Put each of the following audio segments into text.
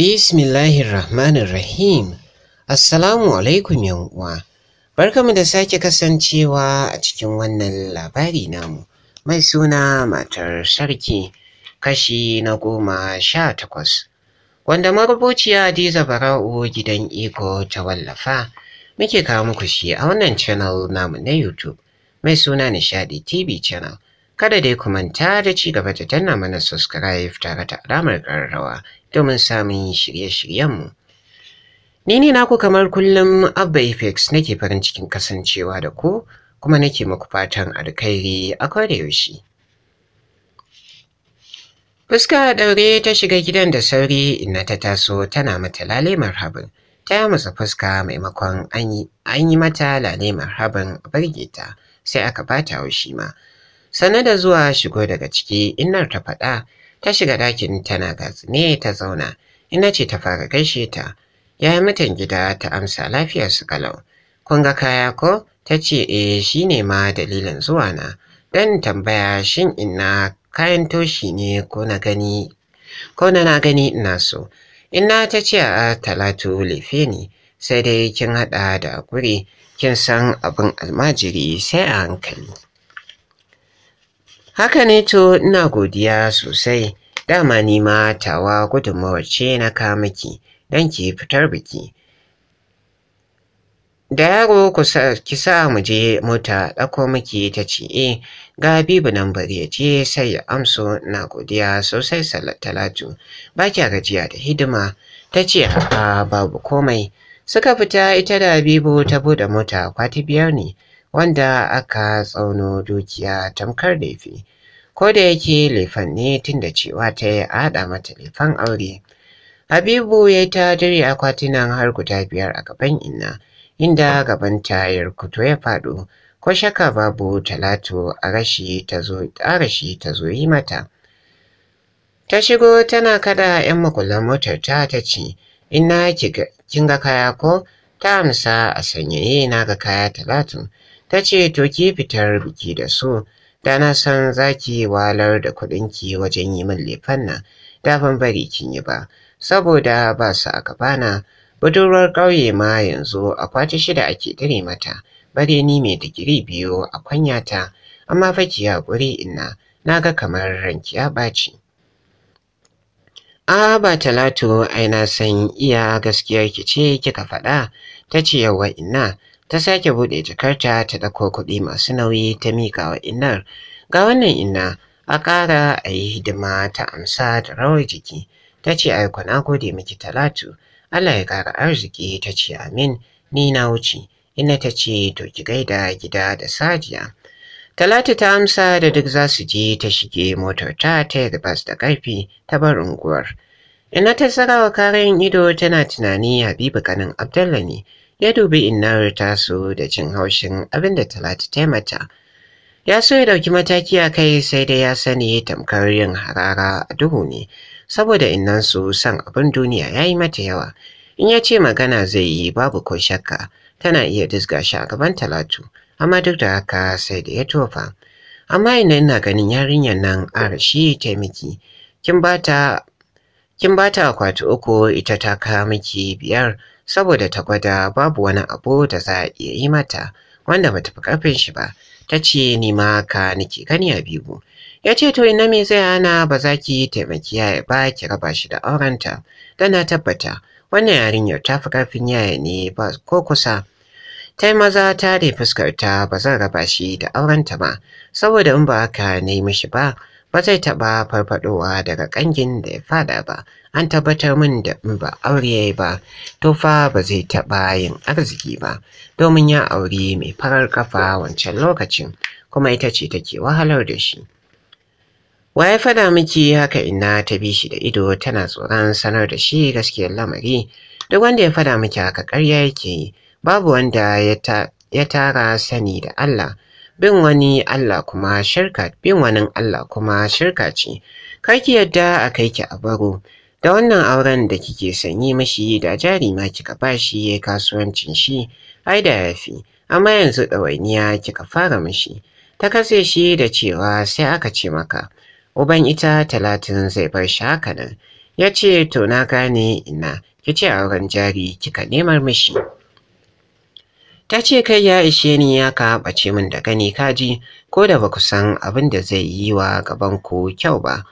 Bismillahirrahmanirrahim. Assalamu alaikum uwa. Barkamu da sake kasancewa a cikin wannan labari namu. Mai suna matar sarki kashi na goma sha takwas. Wanda marubuciya Hadiza Bara'u gidan Iko ta wallafa muke kawo muku shi a wannan channel namu na YouTube. Mai suna Nishadi TV channel. Kada dai ku manta da ci gaba da danna mana subscribe tare da alamar ƙararrawa. domin samun shirye-shiryenmu. Ni ne naku kamar kullum Abba Apex nake farin cikin kasancewa da ku kuma nake muku fatan alkhairi a yaushe. Fuska ɗaure ta shiga gidan da sauri inna ta taso tana mata lale marhabin. Ta yi masa fuska maimakon an yi mata lale marhabin a barge ta sai aka bata haushi ma. Sane da zuwa shigo daga ciki innar ta faɗa ta shiga ɗakin tana Ne ta zauna ina ce ta fara gaishe ta yi mutan gida ta amsa lafiyar su kalau kun ga kaya ko ta ce eh shine ma dalilin zuwa na dan tambaya shin ina kayan toshi ne ko na gani ko na na gani ina so ina ta ce a talatu lefe ne sai dai kin haɗa da guri kin san abin almajiri sai a hankali Haka ne to ina godiya sosai. Dama ni ma tawa gudunmawar ce na kamaki don ki fitar biki. da yaro ki sa mu je mota ɗako miki ta ce e ga bibu nan bari ya je sai ya amso na godiya sosai talatu ba kya gajiya da hidima ta ce haka babu komai suka fita ita da bibu ta bude mota kwati biyar ne wanda aka tsauno dukiya tamkar laifi ko da yake laifan ne tunda cewa ta yi haɗa mata laifan aure habibu ya yi ta dire akwatinan har guda biyar a gaban inna inda gaban ta ya ya faɗo ko shaka babu talatu a rashi ta zo yi mata ta shigo tana kada 'yan makullan motar ta ta ce inna kin ga kaya ko ta amsa a sanyaye na ga kaya talatu ta ce to ki fitar biki da su da na san za ki walar da kuɗinki wajen yi min lefen nan da ban bari kin yi ba saboda ba su a gabana budurwar ƙauye ma yanzu akwati shida ake dare mata bare ni mai digiri biyu a kwanyata amma fa ki haƙuri ina na ga kamar ranki ya ɓaci a ba talatu ai na san iya gaskiyar ki ce kika faɗa ta ce yawa ina ta sake buɗe jakarta ta ɗauko kuɗi masu nauyi ta miƙa wa innar ga wannan inna a kara a yi hidima ta amsa da rawar jiki ta ce aiko na gode miki talatu Allah ya ƙara arziki ta ce amin ni na wuce inna ta ce to ki gaida gida da sajiya Talatu ta amsa da duk za su je ta shige motar ta ta yi bas da ƙarfi ta bar unguwar. Ina ta sarawa karen ido tana tunani Habibu kanin Abdullahi. ne ya dubi innar tasu da cin haushin abin da talatu ta mata ya so ya ɗauki mataki a kai sai dai ya sani tamkar yin harara a duhu ne saboda su san abin duniya ya yi mata yawa in ya ce magana zai yi babu ko shakka tana iya dizga shi a gaban talatu amma duk da haka sai da ya tofa amma ina ina ganin yarinyar nan arashi ta miki kin bata kin bata akwati uku ita ta kawo miki biyar saboda ta gwada babu wani abu da za a iya yi mata wanda bata fi ƙarfin shi ba ta ce ni ma ka nake gani a bibu ya ce to ina me zai hana ba za ki taimaki yaya ba ki raba shi da aurenta da na tabbata wannan yarinyar ta fi ƙarfin yaya ne ba ko kusa ta yi maza ta da fuskarta ba zan raba shi da aurenta ba saboda in ba haka na yi mishi ba ba zai taɓa farfaɗowa daga ƙangin da ya fada ba an tabbatar min da in ba aure yayi ba to fa ba zai taɓa yin arziki ba domin ya aure mai farar kafa wancan lokacin kuma ita ce take wahalar da shi wa ya faɗa miki haka ina ta bi shi da ido tana tsoron sanar da shi gaskiyar lamari duk wanda ya fada miki haka ƙarya yake yi babu wanda ya tara sani da Allah bin wani Allah kuma shirka bin wani Allah kuma shirka ce ki yadda a kai ki a baro da wannan auren da kike sanyi mishi, da jari ma kika bashi ya kasuwancin shi ai da yafi amma yanzu ɗawainiya kika fara mishi. ta kase shi da cewa sai aka ce maka uban ita talatin zai bar shi haka nan ya ce to na gane ina kice auren jari kika nemar mishi ta ce kai ya ishe ni ya ka ɓace min da gani kaji ko da ba ku san abin da zai yi wa gaban ku kyau ba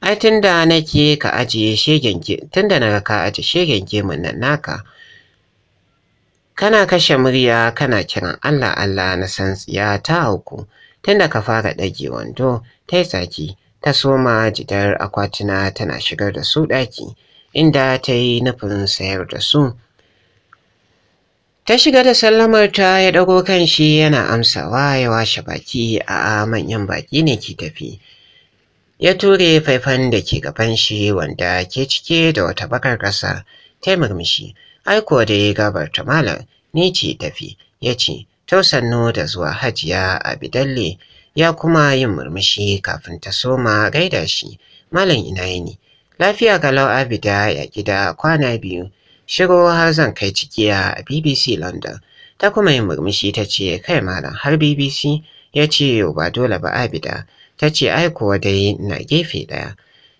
ai tunda nake ka ajiye shegen tunda naga ka ajiye shegen gemun nan naka kana kashe murya kana kiran Allah Allah na san tsiya ta hauku tunda ka fara ɗage wando ta yi tsaki ta soma jidar akwatuna tana shigar da su ɗaki inda ta yi nufin sayar da su Ta shiga da sallamar ta ya ɗago kan shi yana amsawa ya washe baki a manyan baki ne ki tafi. Ya ture faifan da ke gaban shi wanda ke cike da wata bakar ƙasa ta murmushi. Ai kuwa dai gabar ta malam ni ce tafi ya ce sannu da zuwa hajiya a bidalle ya kuma yin murmushi kafin ta soma gaida shi malam ina yini lafiya galau abida ya gida kwana biyu shigo har zan kai ciki a BBC London. Ta kuma yin murmushi ta ce kai malam har BBC ya ce ba dole ba abida ta ce ai kuwa dai na gefe ɗaya.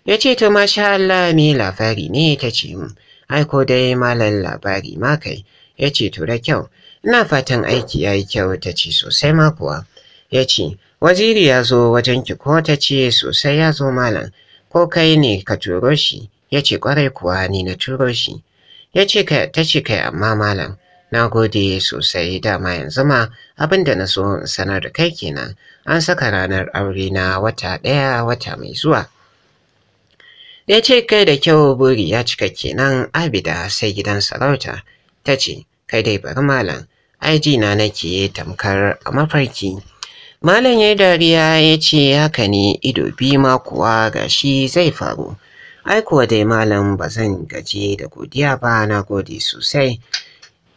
Ya ce to sha Allah me labari ne ta ce hmm, ai ko dai malam labari ma kai ya ce to da kyau ina fatan aiki ya yi kyau ta ce sosai ma kuwa. ya ce, Waziri ya zo wajen ki, ko ta ce sosai ya zo malam, ko kai ne ka turo shi, ya ce ƙwarai kuwa ni na turo shi. ya ce kai ta ce kai amma malam na gode sosai dama yanzu ma abin da na so in sanar da kai kenan an saka ranar aure na wata ɗaya wata mai zuwa ya ce kai da kyau buri ya cika kenan abida sai gidan sarauta ta ce kai dai bari malam aiji na nake tamkar a mafarki malam ya dariya ya ce haka ne ido bi ma kuwa gashi zai faru ai kuwa dai malam ba zan gaji da godiya ba na gode sosai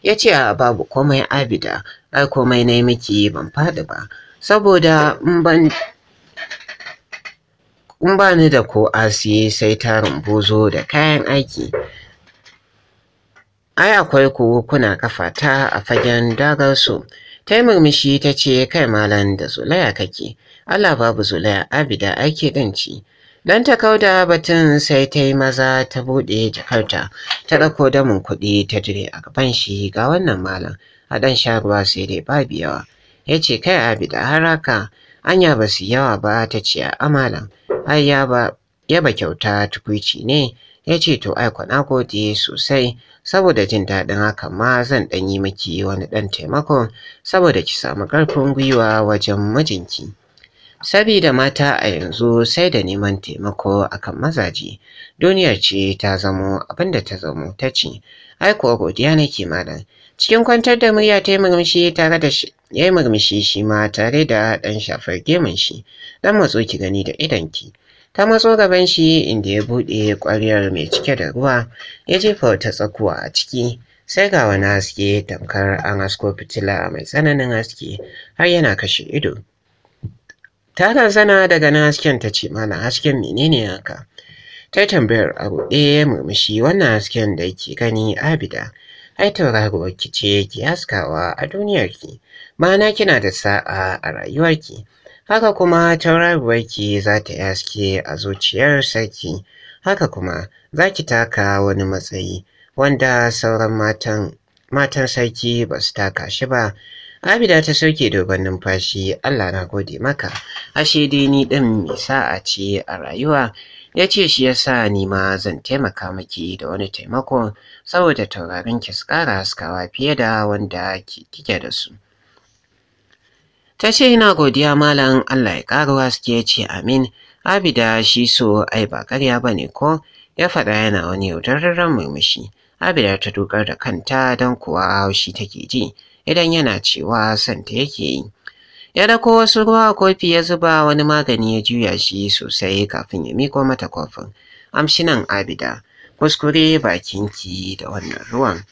ya ce babu komai abida ai komai na miki ban faɗi ba saboda in ba ni da ko asiye sai tarin bozo da kayan aiki ai akwai ku kuna kafata a fagen dagarsu ta yi murmushi ta ce kai malam da zulaya kake allah babu zulaya abida ake ɗin ci Don ta kauda batun sai ta yi maza ta buɗe jakarta, ta ɗauko damin kuɗi ta jire a gaban shi ga wannan malam, a ɗan sha sai dai babu yawa. Ya ce kai abida har haka, anya ba su yawa ba ta ce a malam, ai ya ba ba kyauta tukuici ne, ya ce to ai kwana gode sosai saboda jin daɗin haka ma zan ɗan yi miki wani ɗan taimako saboda ki samu ƙarfin gwiwa wajen mijinki. Sabida mata a yanzu sai da neman taimako akan mazaji, duniyar ce ta zamo abinda ta zamo ta ce, ai kuwa godiya nake malam. Cikin kwantar da murya ta yi murmushi tare da shi, ya yi murmushi shi ma tare da ɗan shafar gemun shi, ɗan matso ki gani da ki. Ta matso gaban shi inda ya buɗe ƙwaryar mai cike da ruwa, ya jefa wata tsakuwa a ciki. sai ga wani haske tamkar an hasko fitila mai tsananin haske har yana kashe ido ta razana daga na hasken ta ce mana hasken menene haka ta yi tambayar a ruɗe murmushi wannan hasken da ke gani abida ai tauraruwar ki ce ki haskawa a duniyar ki ma'ana kina da sa'a a rayuwar ki haka kuma tauraruwar ki za ta haske a zuciyar sarki haka kuma za ki taka wani matsayi wanda sauran matan matan sarki ba su taka shi ba Abida ta sauke dogon numfashi Allah na gode maka ashe dai ni ɗin mai sa'a ce a rayuwa ya ce shi yasa ni ma zan taimaka maki da wani taimako saboda taurarin ki su ƙara haskawa fiye da wanda kike da su. Ta ce ina godiya malam Allah ya ƙara haske ya ce amin Abida shi so ai ba ƙarya ba ne ko ya faɗa yana wani yaudararren murmushi. Abida ta dokar da kanta don kuwa haushi take ji. idan yana cewa santa yake yi. Ya dako wasu ruwa kofi ya zuba wani magani ya juya shi sosai kafin ya miko mata kofin. Amshinan Abida, kuskure bakinki da wannan ruwan.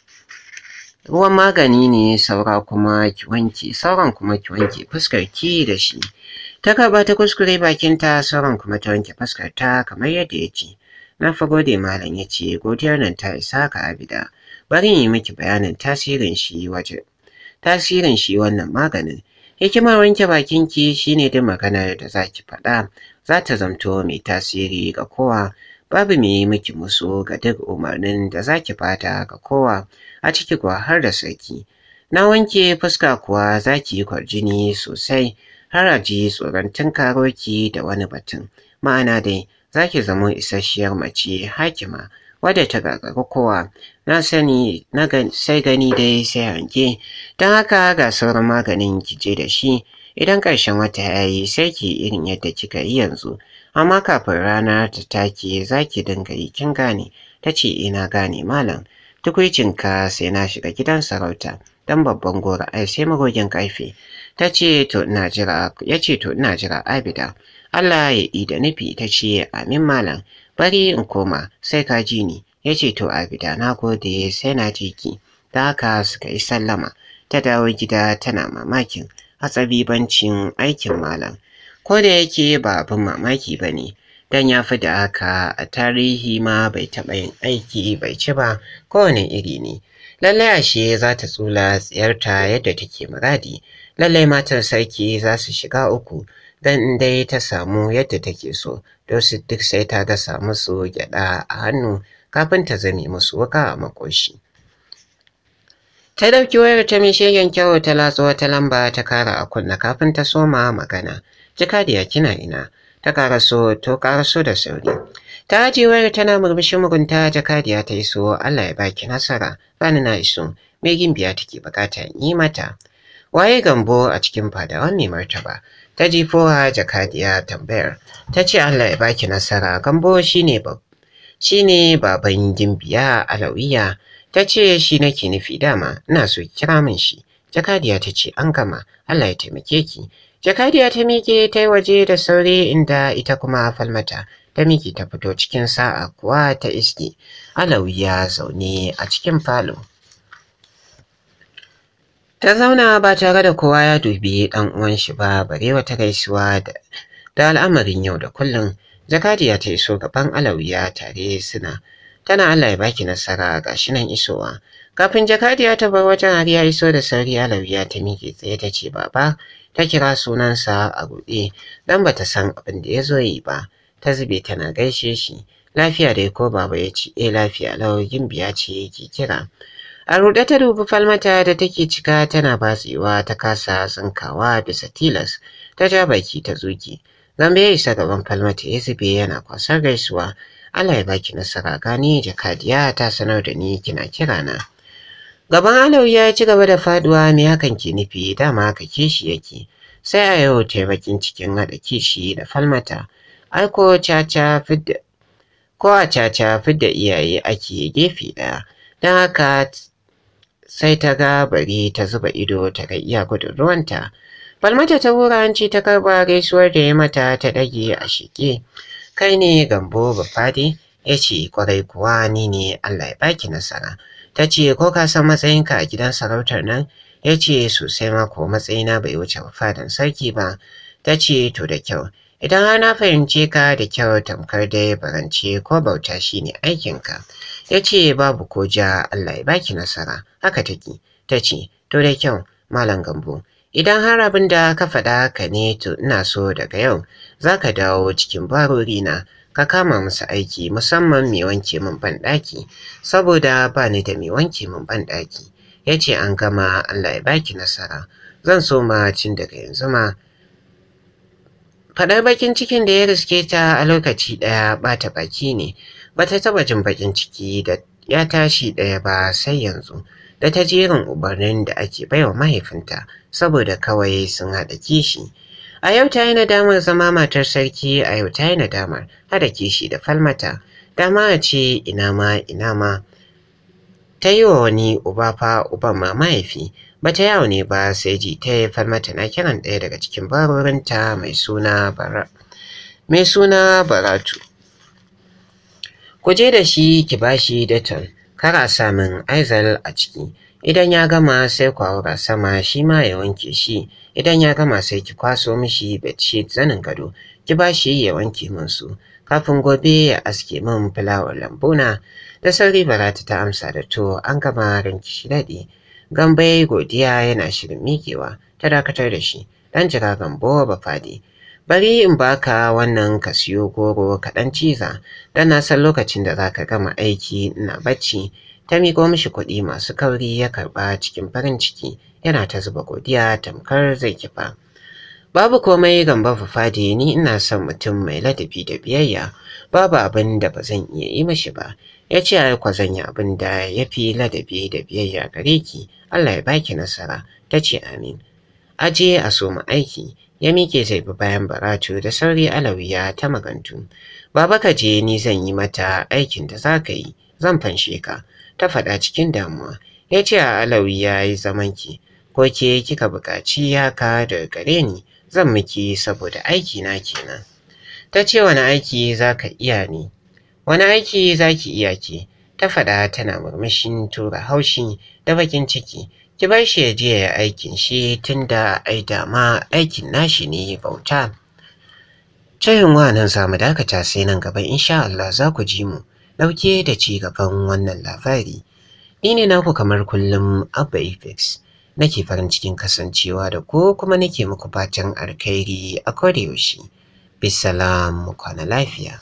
Ruwan magani ne saura kuma ki wanke, sauran kuma ki wanke fuskar ki da shi. Ta karba ta kuskure bakinta sauran kuma ta wanke fuskar ta kamar yadda ya ce. Na fa gode malam ya ce godiyar nan ta isa ka Abida. Bari yi miki bayanin tasirin shi wajen. tasirin shi wannan maganin hikimar wanke bakin bakinki shine duk maganar da za ki faɗa za ta zamto mai tasiri ga kowa babu mai yi miki musu ga duk umarnin da za ki fata ga kowa a ciki kuwa har da sarki na wanke fuska kuwa za ki yi kwarjini sosai har a ji tsoron tunkaroki da wani batun ma'ana dai za ki zamo isasshiyar mace hakima wadda ta gagari kowa na sani na sai gani da sai hanke. don haka ga sauran maganin ki je da shi idan ƙarshen wata ya yi sai ki irin yadda kika yi yanzu amma kafin rana ta take za ki dinga yi kin gane ta ce ina gane malam ka sai na shiga gidan sarauta Don babban gora ai sai magogin ƙarfe ta ce to ina jira ya ce to ina jira abida Allah ya yi da nufi ta ce amin malam bari in koma sai ka ji ni ya ce to a gida na gode sai na jiki ki da haka suka yi sallama ta dawo gida tana mamakin hatsabibancin aikin malam ko da yake ba abin mamaki ba ne don ya fi da haka a tarihi ma bai taɓa yin aiki bai ci ba kowane iri ne lallai ashe za ta tsula tsayarta yadda take muradi lallai matar sarki za su shiga uku dan dai ta samu yadda take so su duk sai ta gasa musu gyada a hannu kafin ta zame musu waka a makoshi ta dauki wayar ta mai shegen kyau ta latsa wata lamba ta kara a kunna kafin ta soma magana jika da kina ina ta so to so da sauri ta ajiye wayar tana murmushin mugunta jakadiya ta so, Allah ya baki nasara bani na iso mai gimbiya take bukata yi mata waye gambo a cikin fadawan mai martaba ta jifowa jakadiya tambayar ta ce Allah ya baki nasara gambo shine shine baban gimbiya alawiya ta ce shi nake nufi dama ina so kira min shi jakadiya ta ce an gama Allah ya taimake ki jakadiya ta mike ta yi waje da sauri inda ita kuma falmata ta miƙe ta fito cikin sa'a kuwa ta iske alawiya zaune a cikin falo Ta zauna ba tare da kowa ya dubi ɗan uwan shi ba bare wata gaisuwa da da al'amarin yau da kullun. Jakadiya ta iso gaban Alawiya tare suna tana Allah ya baki nasara gashi nan isowa. Kafin jakadiya ta bar wajen hariya iso da sauri alawiya ta miƙe tsaye ta ce baba ta kira sunansa a buɗe dan bata san abin da ya zo yi ba ta zube tana gaishe shi lafiya dai ko baba ya ce eh lafiya lau gimbiya ce yake kira A ruɗe ta dubi falmata da take cika tana batsewa ta kasa tsinkawa bisa tilas ta ja baki ta zuki. Zambe ya isa gaban falmata ya zube yana kwasar gaisuwa. Allah ya baki nasara gani jakadiya ta sanar da ni kina kira na. Gaban Alau ya ci gaba da faduwa mai hakan ke nufi dama haka kishi yake. Sai a yau taimakin cikin haɗa kishi da falmata. Aiko caca fidda ko a caca fidda iyaye ake gefe ɗaya. Don haka sai ta ga bari ta zuba ido ta ga iya gudun ruwanta. Falmata ta hura hanci ta karba gaisuwar da ya mata ta ɗage a shike. Kai ne gambo bafadi ya ce kwarai kuwa ni ne Allah ya baki nasara. Ta ce ko ka san matsayinka a gidan sarautar nan ya ce sosai ma ko matsayina bai wuce fadan sarki ba. Ta ce to da kyau idan har na fahimce ka da kyau tamkar dai barance ko bauta shine aikinka. Ya ce babu ko ja Allah ya baki nasara. haka take ta ce to da kyau malam gambo idan har abin da ka faɗa ka ne to ina so daga yau za ka dawo cikin barori na ka kama musu aiki musamman mai wanke min banɗaki saboda ba ni da mai wanke min banɗaki ya ce an gama allah ya baki nasara zan so ma cin daga yanzu ma faɗar bakin cikin da ya riske ta a lokaci ɗaya ba ta baki ne ba ta taɓa jin bakin ciki da ya tashi ɗaya ba sai yanzu da ta jerin ubarnin da ake baiwa mahaifinta saboda kawai sun haɗa kishi. A yau ta yi nadamar zama matar sarki a yau ta yi nadamar haɗa kishi da falmata. Dama a ce ina ma ina ma. Ta yi wa wani uba fa uban ma mahaifi bata yawo ne ba sai ji ta yi falmata na kiran ɗaya daga cikin barorinta mai suna bara. Mai suna Baratu. Ku je da shi ki ba shi datan. kar a sa min aizal a ciki idan ya gama sai ku sama shi ma ya wanke shi idan ya gama sai ki kwaso mishi bedsheet zanin gado ki ba shi ya wanke min su kafin gobe ya aske min fulawar lambuna da sauri barata ta amsa da to an gama ranki shi daɗi gambe godiya yana shirin miƙewa ta dakatar da shi dan jira gambo ba fadi bari in baka wannan ka siyo goro kaɗan ciza dan na san lokacin da zaka gama aiki na bacci ta miƙo mishi kuɗi masu kauri ya karɓa cikin farin ciki yana ta zuba godiya tamkar zai kifa babu komai gamba fadi ni ina son mutum mai ladabi da biyayya babu abin da ba zan iya yi mishi ba ya ce ai kwa zan yi abin da ya fi ladabi da biyayya gare ki Allah ya baki nasara ta ce amin aje a soma aiki ya miƙe zai bayan Baratu da sauri Alawiya ta magantu. Baba ka je ni zan yi mata aikin da za ka yi, zan fanshe ka, ta faɗa cikin damuwa. Ya ce a Alawiya yi zamanki, ko ke kika buƙaci haka daga gare ni, zan miki saboda aiki na kenan. Ta ce wani aiki za ka iya ni, wani aiki za ki iya ki, ta faɗa tana murmushin tura haushi da bakin ciki ki bar shi ya je ya aikin shi tunda ai dama aikin nashi ne bauta cewa wannan samu dakata sai nan gaba insha Allah za ku ji mu dauke da ci gaban wannan labari ni ne naku kamar kullum Abba ifix nake farin cikin kasancewa da ku kuma nake muku fatan alkhairi a kodayaushe bisalam kwana lafiya